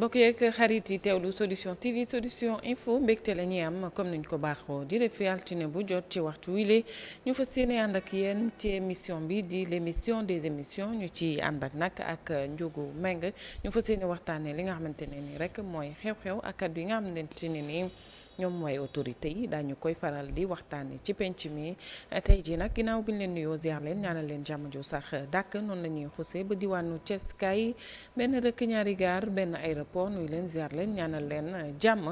mbokk yeeg xarit yi teew teewlu solution TV solution info mbégte la ñuy am comme niñ ko baaxoo di def altine bu jot ci waxtu wile ñu fas yéene ànd ak yéen ci émission bi di émission des émissions ñu ci ànd ak nag ak Ndiogou Meng ñu fas yéene waxtaanee li nga xamante ne nii rek mooy xew-xew ak kàddu yi nga xamante ne nii. ñoom way autorité yi daañu koy faral di waxtaan waxtaane ci penc mi tey jii nag ginnaaw bi ñu leen nuyoo ziar leen ñaanal leen jàmm ju sax dàkk noonu la ñuy ba diwaanu Thiès kaay benn rëkk ñaari gaar benn aéroport nuyu leen ziar leen ñaanal leen jàmm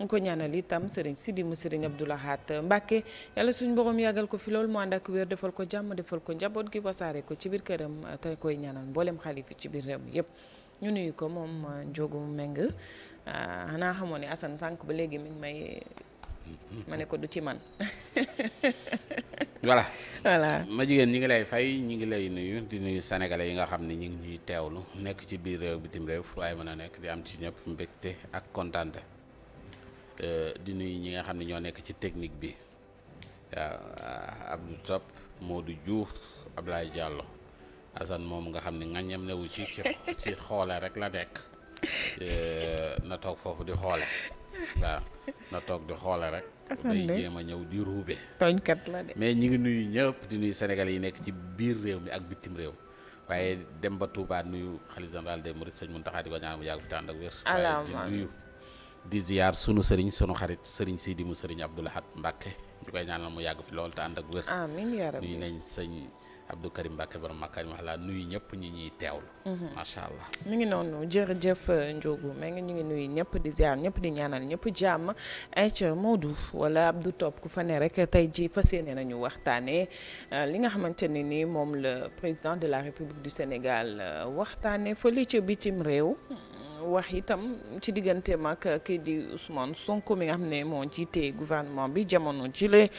ñu ko ñaanal itam Serigne Sidi mu Serigne Abdou Lahat Mbacké yàlla suñu borom yàggal ko fi loolu mu ànd weer defal ko jàmm defal ko njaboot gi wasaare ko ci biir këram te koy ñaanal mboolem xalif yi ci biir réew mi yëpp ñu nuyu ko moom Ndiogou Mbengue ah, xanaa xamoon ne Assane sànq ba léegi mi may ma ne ko du ci man voilà voilà ma jigéen ñi ngi lay fay ñi ngi lay nuyu di nuyu senegale yi nga xam ne ñi ngi ñuy teewlu nekk ci biir réew bitim réew fu waaye mën a nekk di am ci ñëpp mbégte ak kontaante euh, di nuyu ñi nga xam ne ñoo nekk ci technique bi waaw ah, Abdou Top Modou Diouf Abdoulaye Diallo Assane moom nga xam ne ŋàññam newu ci ci xoole rek la nekk na toog foofu di xoole waaw na toog di xoole rek day a ñëw di ruube tooñkat la mais ñi ngi nuyu ñëpp di nuyu senegal yi nekk ci biir réew mi ak bitim réew waaye dem ba Touba nuyu xalifa général des mourides sëñ Mountakha di ko ñaan mu yàgg fi tànd ak wér waaye di nuyu di sunu sëriñ sunu xarit sëriñ di mu sëriñ Abdoul Ahad Mbacke ñu koy ñaanal mu yàgg fi lool te ànd ak wér amiin yaa sëñ Abdou Karim Mbacke borom Makarim wax laa nuyu ñëpp ñu ñuy teew teewlu. Mhm. macha allah mu ngi noonu jërëjëf euh, Ndiogu mais ñu ngi nuyu ñëpp di ziar ñëpp di ñaanal ñëpp jàmm ayca Maodo wala Abdou topp ku fa ne rek tey jii fas yéene nañu waxtaanee euh, li nga xamante ne ni moom la président de la République du Sénégal euh, waxtaanee fële ca bitim réew. wax itam ci diggante mag kii di Ousmane Sonko mi nga xam ne moo jiite gouvernement bi jamono jile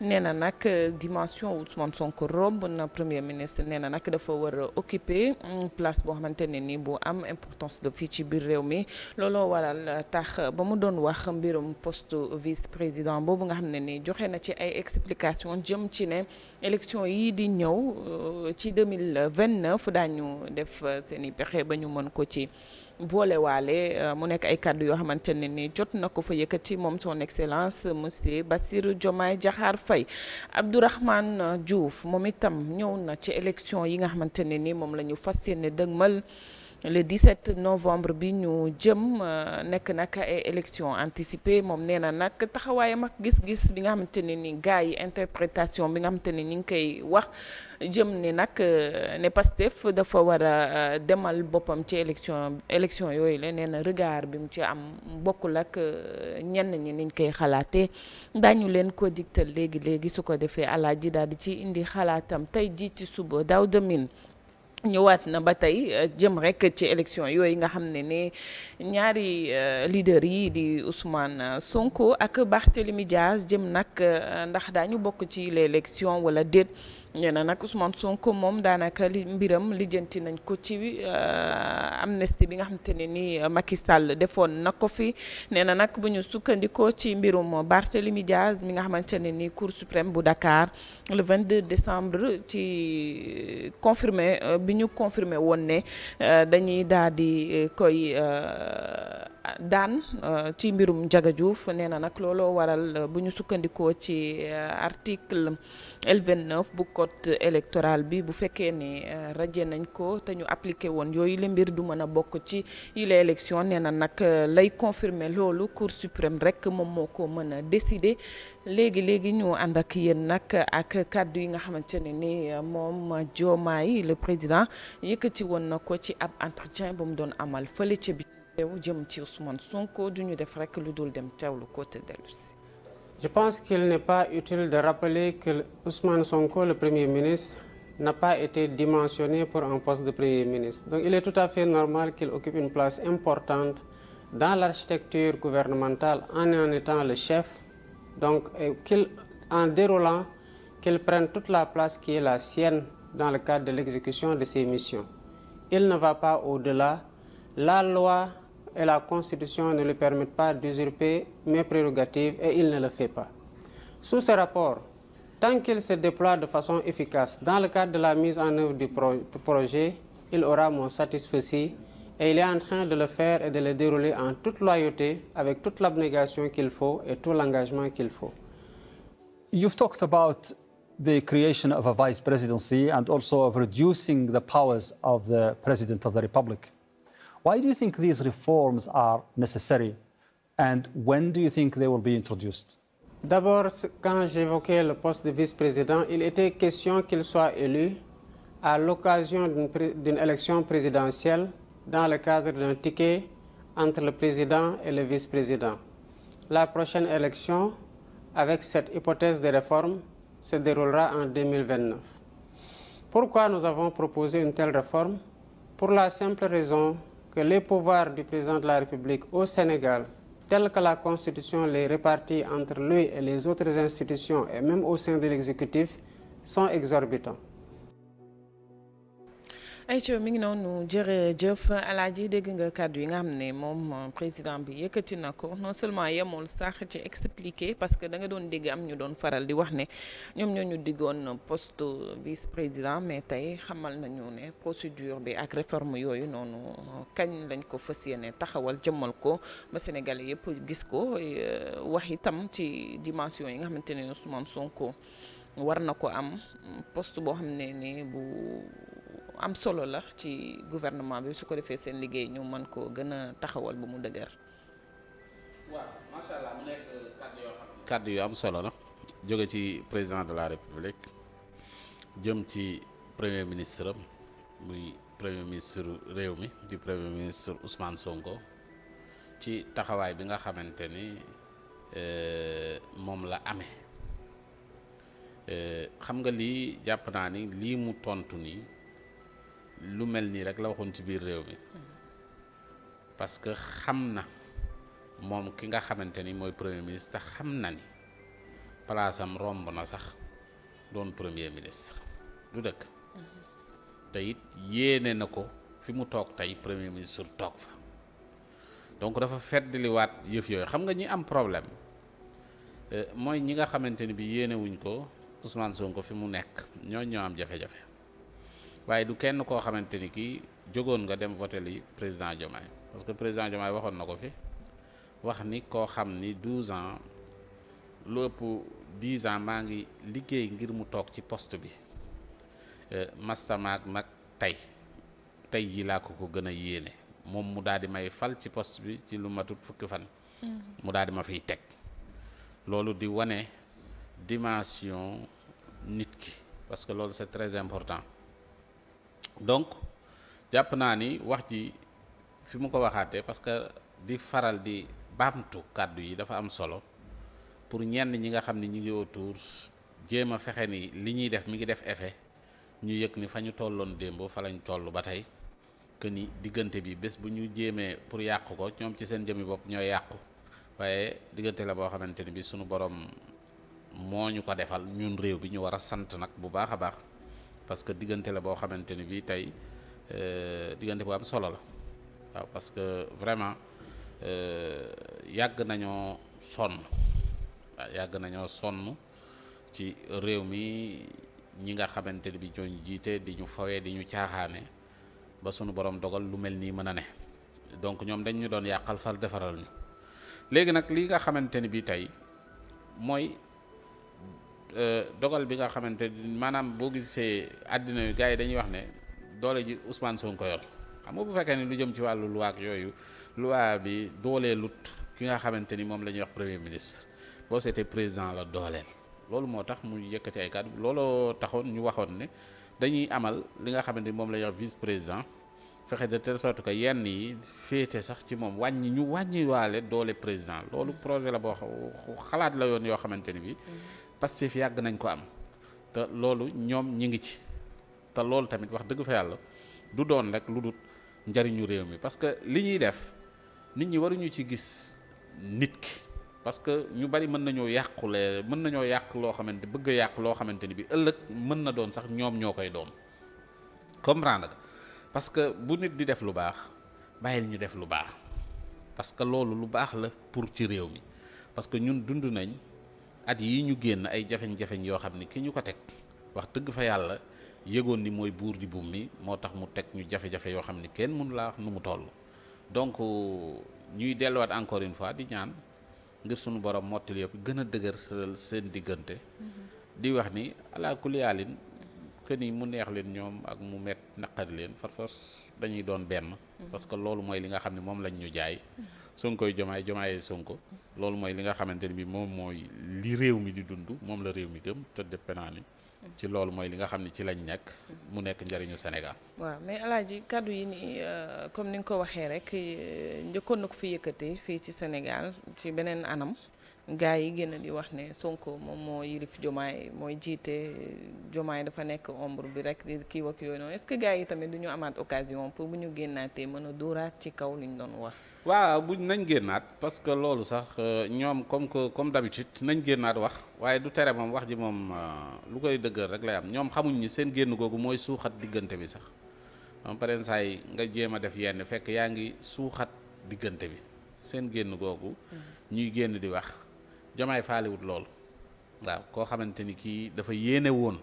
nee na nag dimension Ousmane Sonko romb na premier ministre nee na nag dafa war a occuper place boo xamante ne ni bu am importance de fii ci biir réew mi looloo waral tax ba mu doon wax mbirum post vice président boobu nga xam ne ni joxe na ci ay explication jëm ci ne élection yi di ñëw euh, ci 2029 daañu def euh, seen i pexe ba ñu mën ko ci boolewaale euh, mu nekk ay kàddu yoo xamante ne ni jot na ko fa yëkkati moom son excellence monsieur Bassirou Diomaye Diakhar Faye Abdourahmane Diouf moom itam ñëw na ci élection yi nga xamante ne ni moom la ñu fas yéene dëgmal le 17 novembre bi ñu jëm euh, nekk nag ay élection anticipée moom nee na nag taxawaayam ak gis-gis bi nga xamante ne ni gars yi interprétation bi nga xamante ne ni ngi koy wax jëm ni nag euh, ne Pastef dafa war a euh, demal boppam ci élection yooyu la nee na regard bi mu ci am bokkul ak ñenn ñi niñ koy xalaatee daañu leen ko diktal léegi léegi su ko defee alaaji daal di ci indi xalaatam tey ji ci suba daaw demin ñëwaat na ba tey euh, jëm rek ci élection yooyu nga xam ne ne ñaari euh, leader yi di Ousmane euh, Sonko ak Barthélémy Diaz jëm nag ndax daañu bokk ci l'élection wala déet nee na nag Ousmane Sonko moom daanaka li mbiram lijjanti nañ ko ci euh, amnistie bi nga xamante ne ni euh, Macky defoon na ko fi nee na nag bu ñu sukkandikoo ci mbirum Barthélemy Diaz mi nga xamante ne ni Cour suprême bu Dakar le 22 décembre ci euh, confirmé bi ñu confirmé woon ne dañuy daal di koy. daan ci mbirum Ndiaga Diouf nee na nag looloo waral bu ñu sukkandikoo ci article L29 bu code électoral bi bu fekkee ne euh, rajee nañ ko te ñu appliqué woon yooyu la mbir du mën a bokk ci yile élection nee na nag euh, lay confirmer loolu Cour suprême rek moom moo ko mën a décider léegi léegi ñu ànd ak yéen nag ak kàddu yi nga xamante ne ni euh, moom Diomaye le président yëkkati woon na ko ci ab entretien bu mu doon amal fële ci bi teew jëm ci Ousmane Sonko du ñu def rek lu dul dem teewlu ko te dellusi Je pense qu'il n'est pas utile de rappeler que Ousmane Sonko, le Premier ministre, n'a pas été dimensionné pour un poste de Premier ministre. il est tout à fait normal qu'il occupe une place importante dans l'architecture gouvernementale en en étant le chef, donc en déroulant qu'il prenne toute la place qui est la sienne dans le cadre de l'exécution de ses missions. Il ne va pas au-delà. La loi et la Constitution ne lui permettent pas d'usurper mes prérogatives et il ne le fait pas. Sous ce rapport, tant qu'il se déploie de façon efficace dans le cadre de la mise en œuvre du pro projet, il aura mon satisfecit et il est en train de le faire et de le dérouler en toute loyauté, avec toute l'abnégation qu'il faut et tout l'engagement qu'il faut. You've talked about the creation of a vice presidency and also reducing the powers of the Republic. Why do you think these reforms are necessary? And when do you think they will be introduced? D'abord, quand j'évoquais le poste de vice-président, il était question qu'il soit élu à l'occasion d'une élection présidentielle dans le cadre d'un ticket entre le président et le vice-président. La prochaine élection, avec cette hypothèse de réforme, se déroulera en 2029. Pourquoi nous avons proposé une telle réforme Pour la simple raison que les pouvoirs du président de la République au Sénégal, tels que la Constitution les répartit entre lui et les autres institutions et même au sein de l'exécutif, sont exorbitants. Aïcha mi ngi noonu jërëjëf Alaaji dégg nga kàddu yi nga xam ne moom euh, président bi yëkkati na ko non seulement yemul sax ci expliquer parce que da nga doon dégg am ñu doon faral di wax ne ñoom ñoo ñu diggoon post vice président mais tey xamal nañu ne procédure bi ak réforme yooyu noonu euh, kañ lañ ko fas yéene taxawal jëmmal ko ba Sénégalais yëpp gis ko euh, wax itam ci dimension yi nga xamante ne Ousmane Sonko war na ko am poste boo xam ne ni bu. am solo la ci gouvernement bi su ko defee seen liggéey ñu mën ko gën a taxawal bu mu dëgër. waaw euh, kàddu yu am solo la jóge ci président de la république jëm ci premier ministre am muy premier ministre réew mi di premier ministre Ousmane ci taxawaay bi nga xamante ni euh, moom la amee euh, xam nga lii jàpp naa ni lii mu tontu nii. lu mel nii rek la waxoon ci biir réew mi parce que xam na moom ki nga xamante ni mooy premier ministre xam na ni palaasam romb na sax doon premier ministre du dëkk te yéene na ko fi mu toog tey premier ministre toog fa donc dafa feddliwaat yëf yooyu xam nga ñi am problème euh, mooy ñi nga xamante ni bi yéenewuñ ko ko Ousmane ko fi mu nekk ñoo ñoo am jafe-jafe waaye du kenn koo xamante ni kii jógoon nga dem voté li président Diomaye parce que président Diomaye waxoon na ko fi wax ni koo xam ni 12 ans lu ëpp 10 ans maa ngi liggéey ngir mu toog ci post bi euh, mastamaak mag tey tey yi laa ko ko gën a yéene moom mu daal di may fal ci post bi ci lu matut fukki fan mm. mu daal di ma fiy teg loolu di wane dimension nit ki parce que loolu c'est très important donc jàpp naa ni wax ji fi mu ko waxaatee parce que di faral di baamtu kàddu yi dafa am solo pour ñenn ñi nga xam ne ñu ngi autour jéem a fexe ni li ñuy def mi ngi def effet ñu yëg ni fa ñu tolloon démb fa lañ toll ba tey que ni diggante bi bés bu ñu jéemee pour yàq ko ñoom ci seen jëmmi bopp ñoo yàqu waaye diggante la boo xamante ni bi sunu borom moo ñu ko defal ñun réew bi ñu war a sant nag bu baax a baax. parce que diggante la boo xamante ni bii tey euh, diggante bu am solo la waaw parce que vraiment euh, yàgg nañoo sonn yàgg nañoo sonn ci réew mi ñi nga xamante ni bi ñooñu jiite di ñu fawee di ñu caaxaane ba sunu borom dogal lu mel nii mën a ne donc ñoom dañu doon yàqal far defaral ñu léegi nag li nga xamante ni bii tey mooy Euh, dogal bi nga xamante maanaam boo gisee àddina yu gars yi dañuy wax ne doole ji Ousmane Sonko yor xam nga bu fekkee ni lu jëm ci wàllu luwaak ak yooyu loi bi doolee lut ki nga xamante ni moom la ñuy wax premier ministre boo seetee président la dooleel loolu moo tax mu yëkkati ay kàddu looloo taxoon ñu waxoon ne dañuy amal li nga xamante ni moom la ñuy wax vice président fexe de telle sorte que yenn yi féete sax ci moom wàññi ñu wàññi waale doole président loolu projet la boo xalaat la yoon yoo xamante ni bi mm-hmm. Pastef yàgg nañ ko am te loolu ñoom ñi ngi ci te loolu tamit wax dëgg fa yàlla du doon rek lu dul njariñu réew mi parce que li ñuy def nit ñi waruñu ci gis nit ki parce que ñu bari mën nañoo yàqule mën nañoo yàq loo xamante bëgg a yàq loo xamante ni bi ëllëg mën na doon sax ñoom ñoo koy doon comprendre nga parce que bu nit di def lu baax bàyyil ñu def lu baax parce que loolu lu baax la pour ci réew mi parce que ñun dund nañ at yi ñu génn ay jafeñ-jafeñ yoo xam ni ki ñu ko teg wax dëgg fa yàlla yëgoon ni mooy buur di buum mi moo tax mu teg ñu jafe-jafe yoo xam ni kenn munu laa wax nu mu toll donc ñuy delluwaat encore une fois di ñaan ngir suñu borom mottali yëpp gën a dëgër seen diggante mhm. di wax ni ala kulli haalin que ni mu neex leen ñoom ak mu met naqari leen farfos dañuy doon benn mhm. parce que loolu mooy li nga xam ne moom lañ ñu jaay mhm. Sonko jomaay jomaayee Sonko loolu mooy li nga xamante ne bi moom mooy li réew mi di dund moom la réew mi gëm tëdd penaan yi ci loolu mooy li nga xam ne ci lañ nekk. mu nekk njëriñu Sénégal. waaw mais alaaji kàddu yi nii euh, comme ni nga ko waxee rek euh, njëkkoon na ko fi yëkkatee fii ci Sénégal ci beneen anam gaay yi génn di wax ne Sonko moom moo yilif Jomaay mooy jiite Jomaay dafa nekk ombre bi rek di kii ak yooyu noonu est-ce que gars yi tamit du ñu amaat mën a dóoraat ci kaw li ñu doon wax. waaw buñ nañ génnaat parce que loolu sax euh, ñoom comme que comme d'habitude nañ génnaat wax waaye du tere moom wax ji moom euh, lu koy dëggal rek lay am ñoom xamuñ ni seen génn googu mooy suuxat diggante bi sax moom paren saa yi nga jéem a def yenn fekk yaa ngi suuxat diggante bi seen génn googu ñuy génn di wax jomaay faaliwut loolu waaw koo xamante ni kii dafa yéene woon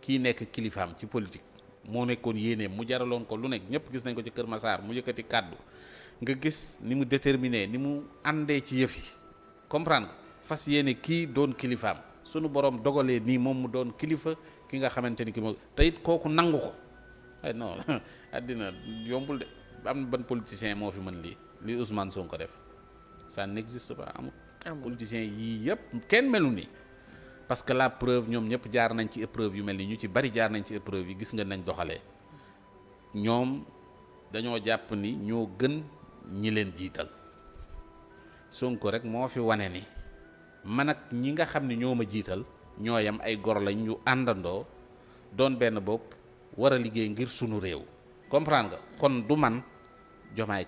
kii nekk kilifaam ci politique moo nekkoon yéeneem mu jaraloon ko lu nekk ñëpp gis nañ ko ci Kër Massar mu yëkkati kàddu nga gis ni mu déterminé ni mu àndee ci yëf yi comprendre nga fas yéene kii doon kilifaam sunu borom dogalee nii moom mu doon kilifa ki nga xamante ni ki moo te kooku nangu ko ay non àddina yombul de am na ban politicien moo fi mën lii li Ousmane ko def ça n'existe pas amul politicien yii yëpp kenn melu nii parce que la preuve ñoom ñëpp jaar nañ ci épreuve yu mel ni ñu ci bari jaar nañ ci épreuve yi gis nga nañ doxalee ñoom dañoo jàpp ni ñoo ñi leen jiital Sonko rek moo fi wane ni man ak ñi nga xam ne ñoo ma jiital ñoo yam ay gor lañ ñu àndandoo doon benn bopp wara liggéey ngir sunu réew comprendre nga kon du man jomaay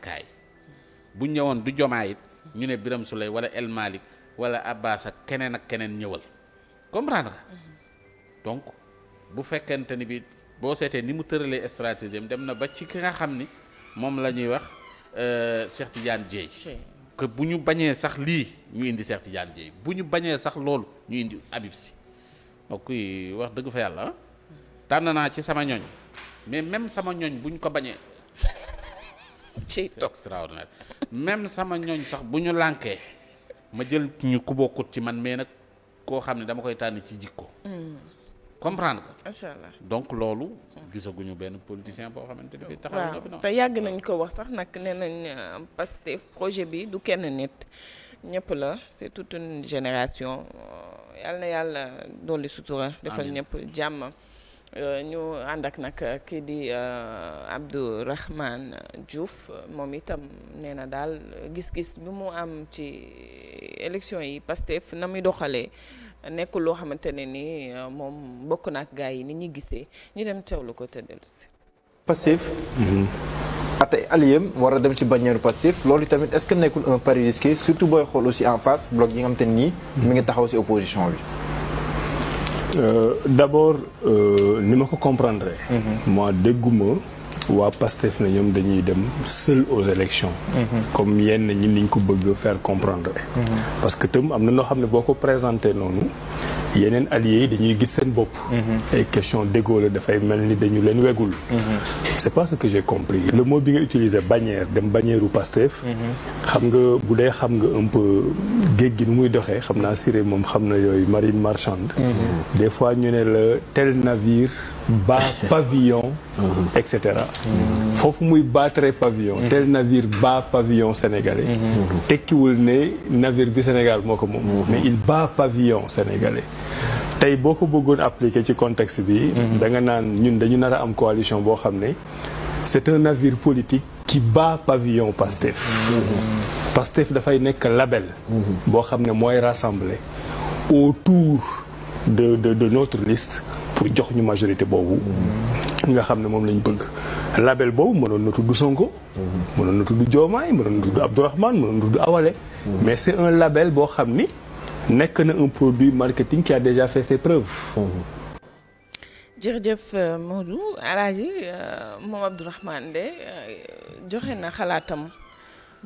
bu ñëwoon du jomaay it ñu ne Biram Souleye wala El Malick wala Abbas ak keneen ak keneen ñëwal comprendre nga mm-hmm. donc bu fekkente ni bi boo seetee ni mu tëralee stratégie dem na ba ci ki nga xam ni moom lañuy wax Euh, Cheikh Tidiane Dieye que bu ñu bañee sax lii ñu indi Cheikh Tidiane bu ñu bañee sax loolu ñu indi Habib Sy mbokk yi wax dëgg fa yàlla tànn naa ci sama ñooñ mais même sama ñooñ bu ñu ko bañee c'est extraordinaire même sama ñooñ sax bu ñu lànkee ma jël ñu ku bokkut ci man mais nag koo xam ne dama koy tànn ci jikko hmm. comprendre ko. macha allah donc loolu. gisaguñu benn politicien boo xamante ne bii taxaw na fi noonu. te yàgg nañ ko wax sax nag nee nañ euh, Pastef projet bi du kenn nit ñëpp la c'est tout une génération euh, yàlla na yàlla dolli sutura. defal ñëpp jàmm. Euh, ñu ànd ak nag euh, kii di euh, Abdourahmane Diouf moom itam nee na daal gis-gis bi mu am ci élection yi Pastef na muy doxalee nekkul loo xamante ne ni moom bokk na ak gars yi ni ñuy gisee ñu dem teewlu ko te dellu si. Pastef. Mhm. atay ah, aliem war a dem ci bannière Pastef loolu tamit est-ce que nekkul un pari risqué surtout booy xool aussi en face bloc yi nga xam te nii. mi ngi taxaw si opposition bi. Euh, d' abord euh, ni ma ko comprendre. Mhm. moi dégguma waa PASTEF na ñoom dañuy dem seul aux élections mhm. comme yenn ñi niñ ko bëgg faire comprendre mhm. parce que tam am na noo xam ne boo ko présenté noonu yeneen alliés yi dañuy gis seen bopp. ay mhm. question déggoo la dafay mel ni dañu leen wegul. Mhm. c'est pas ce que j'ai compris le mot bi nga utilisé bannière dem bannièreu Pastef. Mhm. xam nga bu dee xam nga un peu géej gi nu muy doxee xam naa Siré moom xam na yooyu marine marchande. des ñu ne la tel navire. ba pavillon et cetera foofu muy battre pavillon tel navire bat pavillon sénégalais tekkiwul ne navire bi Sénégal moo ko moom mais il bat pavillon tey boo ko bëggoon appliquer ci contexte bi da nga naan ñun dañu nar a am coalition boo xam ne c'est un navire politique qui bat pavillon Pastef Pastef dafay nekk label boo xam ne mooy rassembler autour de de de notre liste pour jox ñu majorité boobu. nga xam ne moom lañ bëgg. label boobu mënoon na tudd Sonko. mënoon na tudd Diomaye mënoon na tudd Abdourahmane mënoon na tudd Awale. mais c'est un label boo xam ni nekk na un produit marketing qui a déjà fait ses preuves. jërëjëf euh, Modou Alaaji euh, moom Abdourahmane de euh, joxe na xalaatam.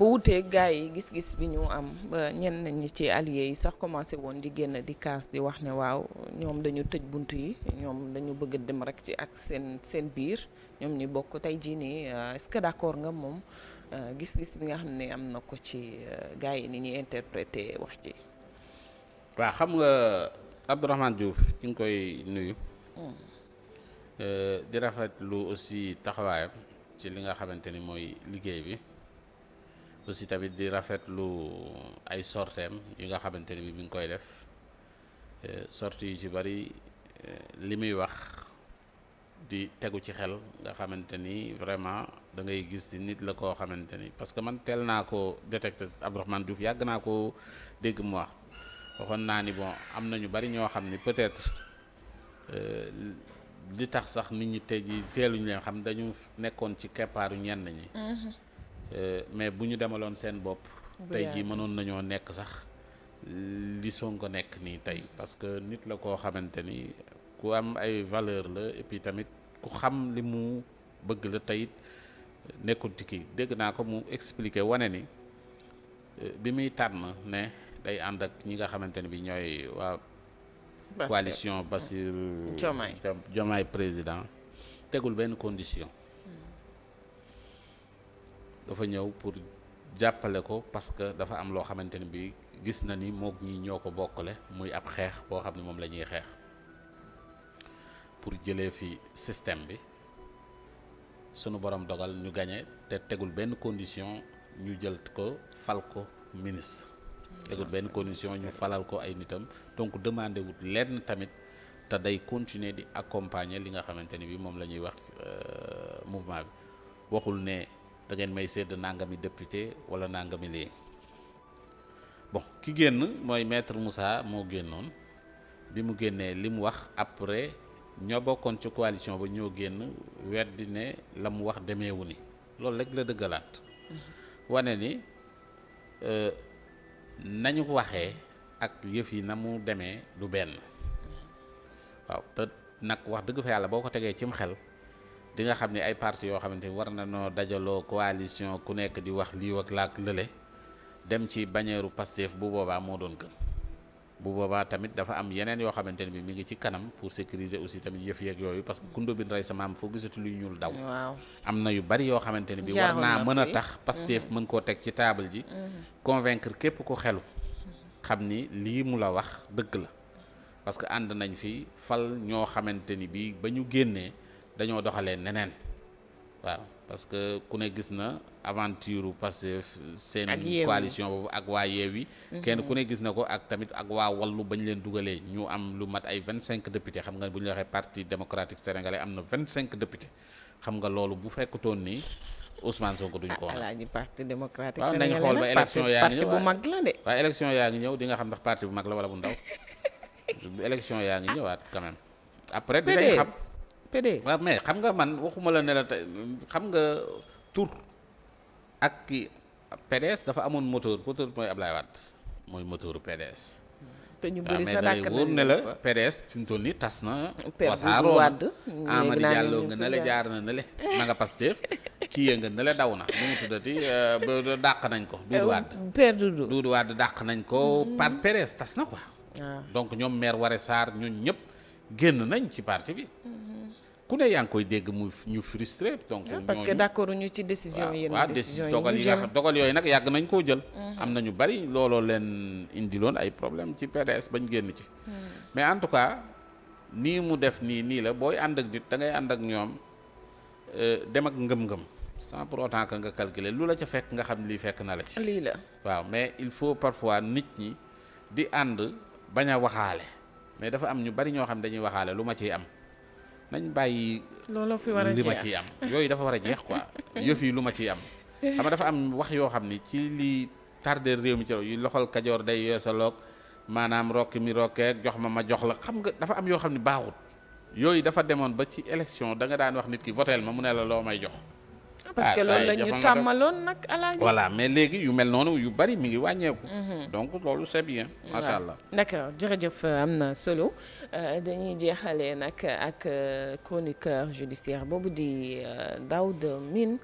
ba wuteeg gars yi gis-gis bi ñu am ba ñenn ñi ci alliés yi sax commencé woon di génn di kaas di wax ne waaw ñoom dañu tëj bunt yi ñoom dañu bëgg a dem rek ci ak seen seen biir ñoom ñi bokk tey jii nii euh, est-ce que d'accord nga moom euh, gis-gis bi nga xam ne am na ko ci euh, gars yi ni ñuy interpréter wax ji. waa xam nga Abdourahmane Diouf ñu ngi koy nuyu. Hmm. di rafetlu aussi taxawaayam ci li nga xamante ni mooy liggéey bi. aussi tamit di rafetlu ay sorteem yi nga xamante ni bi mi ngi koy def eh, sorti yu ci bari eh, li muy wax di tegu ci xel nga xamante ni vraiment da ngay gis di nit la koo xamante ni parce que man teel naa ko détecté Abdourahmane Diouf yàgg naa ko dégg mu wax naa ni bon am na ñu bari ñoo xam ni peut-être eh, li tax sax nit ñi tey ji teeluñu leen xam dañu nekkoon ci keppaaru ñenn ñi mm-hmm. Euh, mais bu ñu demaloon seen bopp tey jii mënoon nañoo nekk sax li Sonko nekk nii tey parce que nit la koo xamante ni ku am ay valeur la et tamit ku xam li mu bëgg la teyit nekkul ci kii dégg naa ko mu expliquer wane ni euh, bi muy tànn ne day ànd ak ñi nga xamante ni bi ñooy waa coalition Bassirou Diomaye Diomaye président tegul benn condition dafa ñëw pour jàppale ko parce que dafa am loo xamante ni bi gis na ni mook ñi ñoo ko bokkale muy ab xeex boo xam ne moom la ñuy xeex pour jëlee fi système bi sunu borom dogal ñu gañe te tegul benn condition ñu jël ko fal ko minis mm. tegul benn ah, condition ñu falal ko ay nitam donc demandé wut lenn tamit te day continuer di accompagner li nga xamante ni bi moom la ñuy wax euh, mouvement bi waxul ne da ngeen may sédd nangami député wala nangami lii bo ki génn mooy metre Moussa moo génnoon bi mu génnee li mu wax après ñoo bokkoon ci coalition ba ñoo génn weddi ne la mu wax demeewu ni loolu rek la dëggalaat mm-hmm. wane ni euh, nañu waxee ak yëf yi na mu demee du benn mm-hmm. waaw te nag wax dëgg fa yàlla boo ko tegee cim xel di nga xam ne ay partie yoo xamante ni war na noo dajaloo coalition ku nekk di wax lii ak laak lële dem ci bañeeru Pastef bu boobaa moo doon gën bu boobaa tamit dafa am yeneen yoo xamante ne bi mu ngi ci kanam pour sécuriser aussi tamit yëf yeeg yooyu parce que kundo bin rey sa maam foo gisatu luy ñuul daw am na yu bari yoo xamante ne bi war naa mën a tax Pastef mhm. mën koo teg ci table ji mhm. convaincre képp ko xelu xam ni lii mu la wax dëgg la parce que ànd nañ fi fal ñoo xamante ni bi ba ñu génnee dañoo doxalee neneen waaw parce que ku ne gis na aventure Pastef seen coalition boobu ak waa yi mhm. kenn ku ne gis na ko ak tamit ak waa Wallu bañ leen dugalee ñu am lu mat ay vingt cinq députés xam nga bu ñu waxee parti démocratique sénégalais am na vingt cinq députés xam nga loolu bu fekkutoon ni Ousmane Sonko duñ ko ah, woon ah, ñu parti démocratique waaw nañ xool ba élection yaa ngi ñëw mag la de waaye élection ngi ñëw di nga xam ndax parti bu mag la wala bu ndaw élection yaa ngi ah. ñëwaat quand même après dinañ xam PDS waaw mais xam nga man waxuma la ne te xam nga tur ak kii PDS dafa amoon moteur moteur mooy Ablaye Wade mooy moteuru PDS. te ñu bëri wóor ne la PDS fi mu toll nii tas na. wasaaroo Amady Diallo nga ne la jaar na ne le ma nga Pastef kii ya nga ne daw na nu mu tuddati eh, ba dàq nañ ko. Doudou eh, Wade dàq nañ ko mm. par PDS tas na quoi. Ah. donc ñoom maire Waré Sarr ñun ñëpp génn nañ ci parti bi. Mm. ku ne yaa ngi koy dégg mu ñu frustré donc ah, parce que ñu ci décision yi waaw décision dogal yi nga dogal yooyu nag yàgg nañ koo jël mm-hmm. am na ñu bari looloo leen indiloon ay problème ci PDS bañ génn ci mm-hmm. mais en tout cas nii mu def nii nii la booy ànd ak nit dangay ànd ak ñoom euh, dem ak ngëm-ngëm sans pour autant que nga calculer lu la ca fekk nga xam lii fekk na la ci lii la waaw mais il faut parfois nit ñi di ànd bañ a waxaale mais dafa am ñu bari ñoo xam dañuy waxaale lu ma ciy am nañ bàyyi. loolu fi war a jeex ma ciy am yooyu dafa war a jeex quoi yëf yi lu ma ciy am. xam nga dafa am wax yoo xam ni ci li tardé réew mi ci yu loxol kajoor day yeesaloog maanaam rokk mi rokkeeg jox ma ma jox la xam nga dafa am yoo xam ni baaxut yooyu dafa demoon ba ci élection da nga daan wax nit ki voteel ma mu ne la loo may jox. Ah, parce que ah, loolu la ñu tàmmaloon nag alaaji voilà mais léegi yu mel noonu yu bari mu ngi wàññeeku. Mhm. donc loolu c'est bien. macha allah d'accord jërëjëf am na solo euh, dañuy jeexalee nag ak euh, chroniqueur judiciaire boobu di euh, Daoud Mine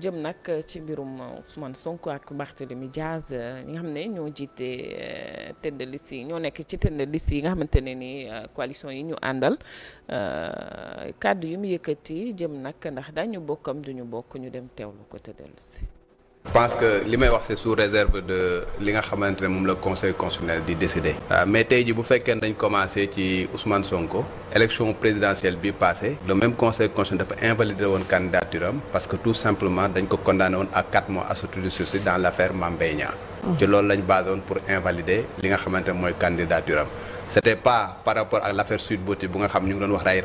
jëm nag ci mbirum Ousmane Sonko ak Barthélémy Diaz ñi nga xam ne ñoo jiite tête de liste yi ñoo nekk ci tête de yi nga xamante ne ni coalition yi ñu àndal kàddu yu mu yëkkati jëm nag ndax dañu bokkam duñu bokk ñu dem teewlu li may wax c'est sous réserve de li nga xamante ne moom la conseil constitutionnel di décider. Ah, mais tey jii bu fekkee dañ commencé ci Ousmane Sonko. élection présidentielle bi passé le même conseil constitutionnel dafa invalidé woon candidature am parce que tout simplement dañ ko condamné woon à quatre mois assorti de sursis dans l' affaire ci loolu lañ basé woon pour invalider li nga xamante ne mooy candidature am. c' était pas par rapport ak l' affaire Sweet xam ñu ngi doon wax ay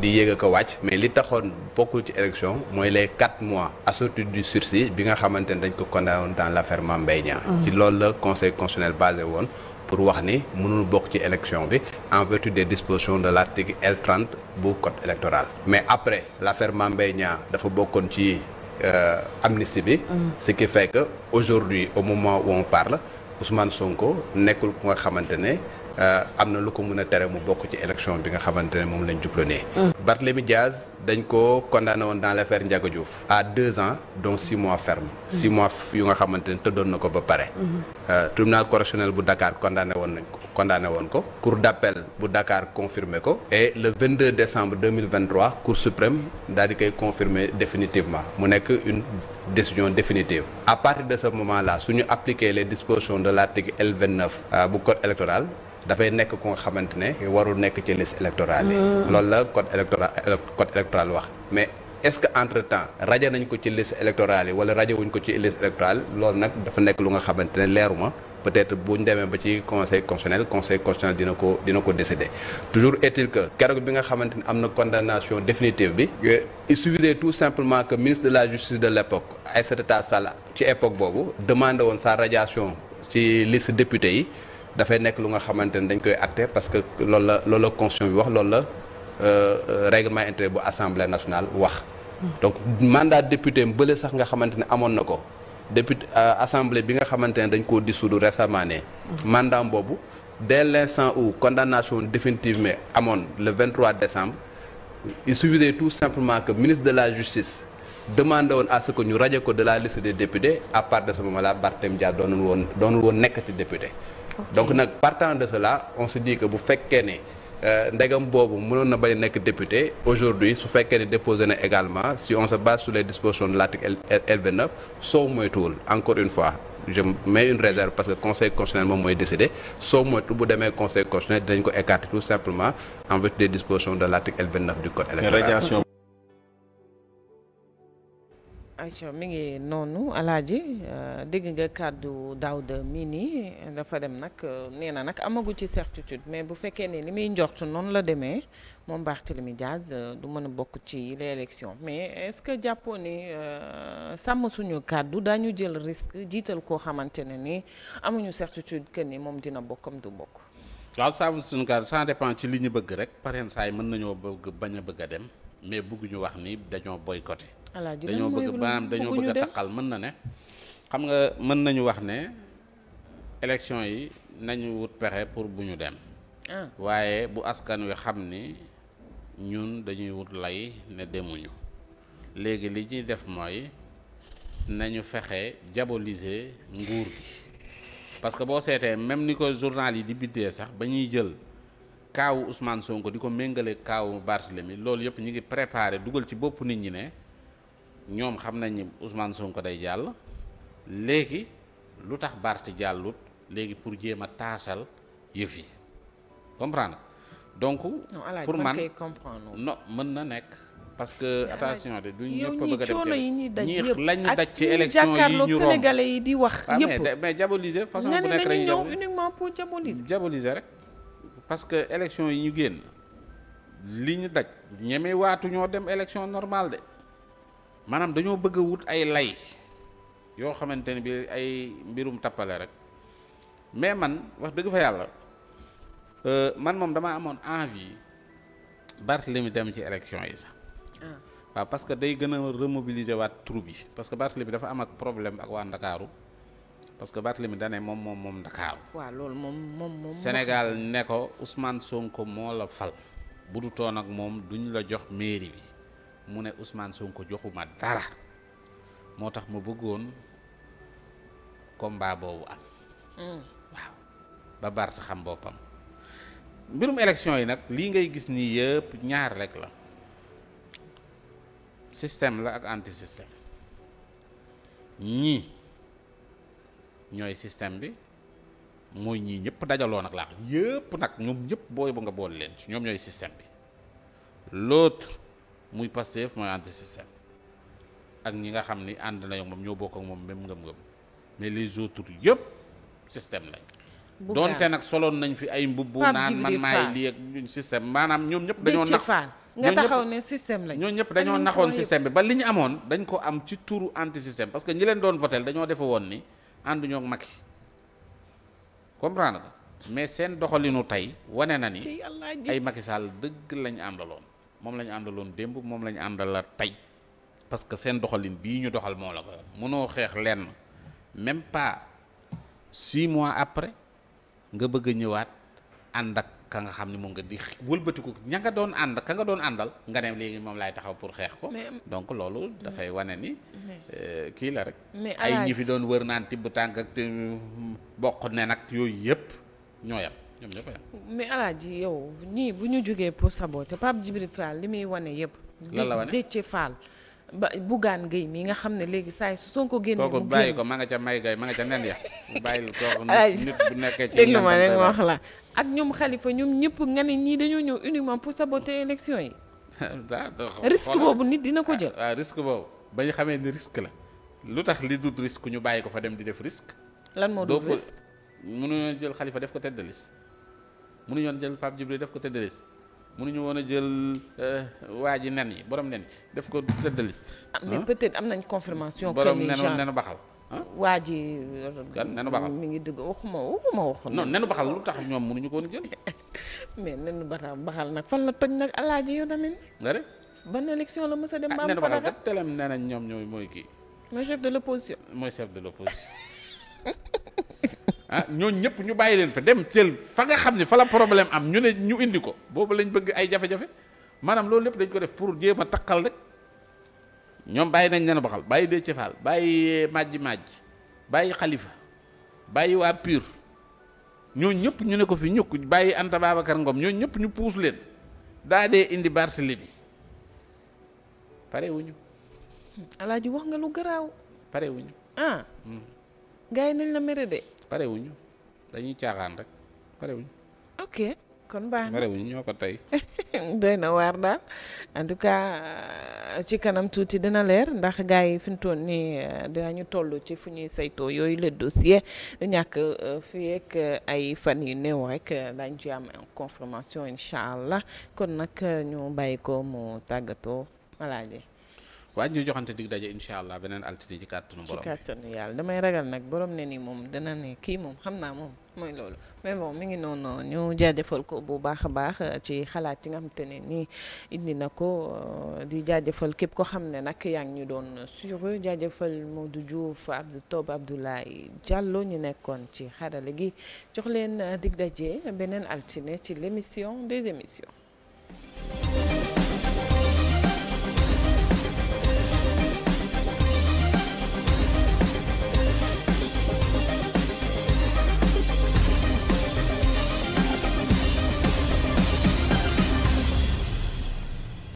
di yéeg a ko wàcc mais li taxoon bokkul ci élection mooy les quatre mois assorti du sursis bi nga xamante ne dañ ko condamné woon dans l'affaire Mame Mbaye Niang mm-hmm. ci loolu la conseil constitutionnel basé woon pour wax ni mënul bokk ci élection bi en vertu des dispositions de l'article L30 bu code électoral mais après l'affaire Mame Mbaye dafa bokkoon ci euh, amnistie bi mm-hmm. ce qui fait que aujourd'hui au moment où on parle Ousmane Sonko nekkul ku nga xamante ne Euh, am na lu ko mën a tere mu bokk ci élection bi nga xamante ne moom lañ jublonee mm. Barthélemy Diaz dañ ko kondaane woon dans l'affaire Ndiaga Diouf à deux ans dont six mois ferme mm. six mois yu nga xamante ne tëddoon na ko ba pare mm-hmm. euh, tribunal correctionnel bu Dakar condamné woon nañ ko condamné woon ko cour d'appel bu Dakar confirmé ko et le 22 décembre 2023 cour suprême daal di koy confirmé définitivement mu nekk une décision définitive à partir de ce moment là suñu appliquer les dispositions de l'article L29 euh, bu code électoral dafay nekk ku nga xamante ne warul nekk ci liste électorale yi. Mm. loolu la code électoral code électoral wax mais. est-ce que entre temps rajo nañ ko ci liste électorale yi wala rajo wuñ ko ci liste électorale loolu nag dafa nekk lu nga xamante ne leeruma peut-être bu ñu demee ba ci conseil constitutionnel conseil constitutionnel dina ko dina ko décider toujours est-il que keroog bi nga xamante ni am na condamnation définitive bi. Euh, il suffisait tout simplement que ministre de la justice de l'époque Aïssata Tall Sall ci demandé woon sa radiation ci liste député yi. dafay nekk lu nga xamante ne dañ koy atte parce que loolu la loolu la constitution bi wax loolu la euh, règlement intérieur bu assemblée nationale wax. donc mandat député bële sax nga xamante ne amoon na ko député euh, assemblée bi nga xamante ne dañ koo dissoudre récemment ne. mandat boobu dès l' instant où condamnation définitive mais amoon le 23 décembre. il suffisait tout simplement que ministre de la justice demandé woon à ce que ñu rajo ko de la liste des députés à partir de ce woon doonul woon nekkati député. donc nag partant de cela on se dit que bu fekkee ne euh, ndegam boobu mënoon na bañ a nekk député aujourd'hui su fekkee ne déposé na également si on se base sur les dispositions de l'article L29 soo encore une fois je mets une réserve parce que conseil constitutionnel moom mooy décidé soo moytu bu demee conseil constitutionnel dinañ ko écarter tout simplement en vertu des dispositions de l'article du code électoral Aïcha mi ngi noonu alaaji euh, dégg nga kàddu daw de mi nii dafa dem nag euh, nee na nag amagu ci certitude mais bu fekkee ne li muy njort noonu la demee moom Barthélémy Diaz euh, du mën a bokk ci les élections mais est-ce que jàppoo ni sàmm suñu kàddu daañu jël risque jiital koo xamante ne ni amuñu certitude que ni moom dina bokkam du bokk. waaw sàmm suñu kàddu san dépend ci li ñu bëgg rek pareen saa mën nañoo bëgg bañ a bëgg a dem mais bëgguñu wax ni dañoo boycotter. dañoo bëgg maanaam dañoo bëgg a taqal mën na ne xam nga mën nañu wax ne élection yi nañu wut pexe pour bu ñu dem ah. waaye bu askan wi xam ni ñun dañuy wut lay ne demuñu léegi li ñuy def mooy nañu fexe diaboliser nguur gi parce que boo seetee même ni ko journal yi di biddee sax ba ñuy jël kaawu Ousmane Sonko di ko méngale kaawu Barthélemy loolu yëpp ñu ngi préparé dugal ci bopp nit ñi ne ñoom xam nañ ni Ousmane Sonko day jàll léegi lu tax Barth jàllut léegi pour jéem a taasal yëf yi comprendre donc. pour man non mën na nekk. parce que attention de du ñëpp ñii a dem coono yi ñuy daj yëpp lañu daj ci yi ñu di wax ah, yëpp mais diaboliser façon bu nekk rek ñëw uniquement pour diaboliser diaboliser rek parce que élection yi ñu génn li ñu daj ñeme waatu ñoo dem élection normale de maanaam dañoo bëgg wut ay lay yoo xamante ne bi ay mbirum tappale rek mais man wax dëgg fa yàlla euh, man moom damaa amoon envie Barthélemy dem ci élection yi sax ah. waaw parce que day gën a remobiliser waat troupe bi parce que bi dafa am ak problème ak waa Ndakaaru parce que mi dane moom moom moom Ndakaaru waaw loolu moom moom moom Sénégal ne ko Ousmane Sonko moo la fal bu dutoon ak moom duñ la jox mairie bi mu ne Ousmane Sonko joxuma dara moo tax ma bëggoon combat boobu am. Hmm. waaw ba Barth xam boppam. mbirum élection yi nag lii ngay gis nii yëpp ñaar rek la système la ak anti système ñii ñooy système bi mooy ñii ñëpp dajaloo nag laa yëpp nag ñoom ñëpp booy bu nga bool leen ci ñoom ñooy système bi l'autre muy Pastef mooy antisystème ak ñi nga xam ni ànd na yow moom ñoo bokk ak moom même ngëm-ngëm mais les autres yëpp système lañ. te nag soloon nañ fi ay mbubbu naan man maay lii ak système maanaam ñoom ñëpp dañoo nax nga taxaw ne système lañ ñoom ñëpp dañoo naxoon système bi ba li ñu amoon dañ ko am ci turu anti système parce que ñi leen doon votel dañoo defe woon ni ànduñoo ak Macky comprendre mais seen doxalinu tey wane na ni ay Macky Sall dëgg lañ àndaloon moom la ñu àndaloon démb moom la ñu àndala tey parce que seen doxalin bii ñu doxal moo la ko yor mënoo xeex lenn même pas six mois après nga bëgg a ñëwaat ànd ak ka nga xam ne moom nga di wëlbatiku ña nga doon ànd ka nga doon àndal nga ne léegi moom laay taxaw pour xeex ko. donc loolu dafay wane ni. Euh, kii la rek. ay ñi fi doon wër naan tibb tànk ak te mm, bokk ne nag yooyu yëpp ñoo mais alaaji yow ñii bu ñu jógee pour saboter Pape Djibril Fall li muy wane yëpp. lan la wane Déthié Fall. ba Bougane Gueye mi nga xam ne léegi saa su Sonko génnee mu génn bàyyi ko ma nga ca may gay ma nga ca nen ya bàyyil kooku nit nekkee ci déglu ma rek wax la ak ñoom xalifa ñoom ñëpp nga ne ñii dañoo ñëw uniquement pour saboter élection yi risque boobu nit dina ko ah, jël waaw ah, risque boobu ba ñu xamee ni risque la lu tax li dut risque ñu bàyyi ko fa dem di def risque lan moo dut risque mënuñoo jël xalifa def ko tête mënuñu woon jël Pape Djibril def ko tête de liste mënuñu woon a jël euh, waa ji nen yi borom nen yi def ko tête de liste. Ah, mais peut-être am nañ confirmation. que les gens borom nenu baxal. waa ji. gan nenu baxal mi ngi dëgg waxuma waxuma waxu. non nenu baxal lu tax ñoom mënuñu ko woon jël. mais nenu baxal baxal nag fan la toj nag alaaji yow tamit. nga de. ban élection la mës a dem. ba ah, am nenu baxal kat telem nee nañ ñoom ñooy mooy kii. mooy chef de l'opposition. mooy chef de l'opposition. ah ñooñu ñëpp ñu bàyyi leen fa dem cël fa nga xam ne fa la problème am ñu ne ñu indi ko boobu lañ bëgg ay jafe-jafe maanaam loolu lépp dañ ko def pour jéem a takkal rek ñoom bàyyi nañ nen baxal bàyyi dee cefaal bàyyi eh, majji majji bàyyi xalifa bàyyi waa pur ñoo ñëpp ñu ne ko fi ñukk bàyyi Anta Babacar Ngom ñoo ñëpp ñu puus leen daa dee indi Barthélemy pare wuñu alaaji wax nga lu garaaw pare wuñu ah hmm. gars yi nañ la mere de parewuñu dañuy caaxaan rek parewuñu ok kon baax na parewuñu ñoo ko tey doy na waar daal en tout cas euh, ci kanam tuuti dina leer ndax gars yi fi mu toll nii euh, dinañu toll ci fu ñuy saytoo yooyu le dossier ñàkk euh, fii ak ay fan yu néew rek daañu ci am confirmation incha allah kon nag ñu bàyyi ko mu tàggatoo malaaje waa ñu joxante dig daje incha allah beneen altine ci kàttanu borom ci kàttanu yàlla damay ragal nag borom ne ni moom dana ne kii moom xam naa moom mooy loolu mais bon mi ngi noonu ñu jaajëfal ko bu baax a baax euh, ci xalaat yi nga xam ne nii indi na ko euh, di jaajëfal képp ko xam ne nag yaa ngi ñu doon suivre jaajëfal juuf Diouf Abdou Tob Abdoulaye Diallo ñu nekkoon ci xarale gi jox leen euh, dig daje beneen altine ci l' émission des émissions.